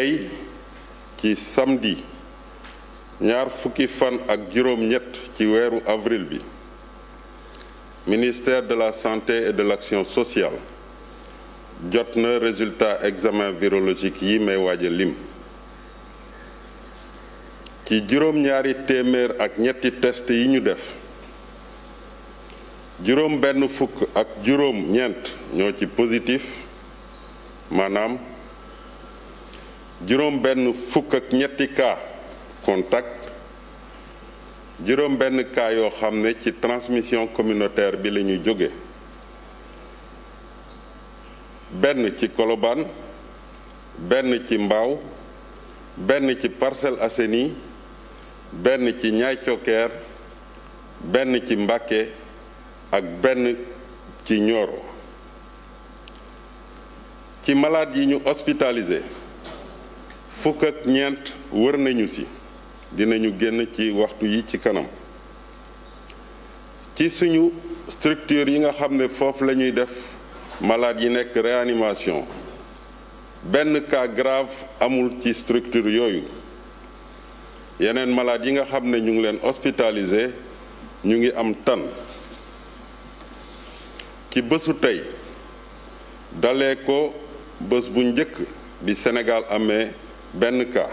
tey ci samedi ñaar fukki fan ak juróom-ñett ci weeru avril bi ministère de la santé et de l'action sociale jot na résultat examen virologique yi may waaja lim ci juróom-ñaari téeméer ak ñetti test yi ñu def juróom ak juróom ñoo ci positif maanaam juróom benn fukk ak ñetti cas contact juróom benn cas yoo xam ne ci transmission communautaire bi lañuy jóge benn ci Colobane benn ci Mbao benn ci parcelle Assainies benn ci Niay Thioker benn ci Mbacké ak benn ci Nioro ci malade yi ñu hospitalisé fukk ñeent wër nañu si dinañu génn ci waxtu yi ci kanam ci suñu structure yi nga xam ne foofu la ñuy def malaat yi nekk réanimation benn cas grave amul ci structure yooyu yeneen malaat yi nga xam ne ñu ngi leen hospitalisé ñu ngi am tan ci bésu tey dalee ko bés bu njëkk bi Sénégal amee benn ka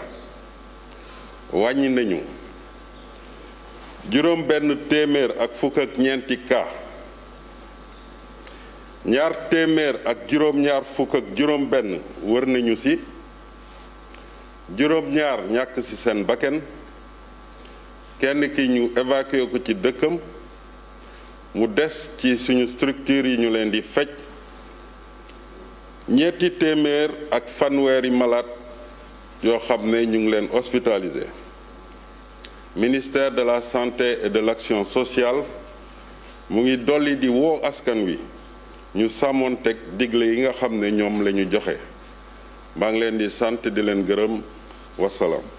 wàññi nañu juróom benn téeméer ak fukk ak ñaar téeméer ak juróom-ñaar fukk ak juróom-benn wër nañu ci juróom-ñaar ñàkk ci seen bakken kenn ki ñu évacué ko ci dëkkam mu des ci suñu structure yi ñu leen di faj ñeenti téeméer ak fanweeri malaat yoo xam ne ñu ngi leen hospitalisé ministère de la santé et de l'action sociale mu ngi dolli di woo askan wi ñu sàmmoon teg digle yi nga xam ne ñoom la ñu joxe maa ngi leen di sant di leen gërëm wasalaam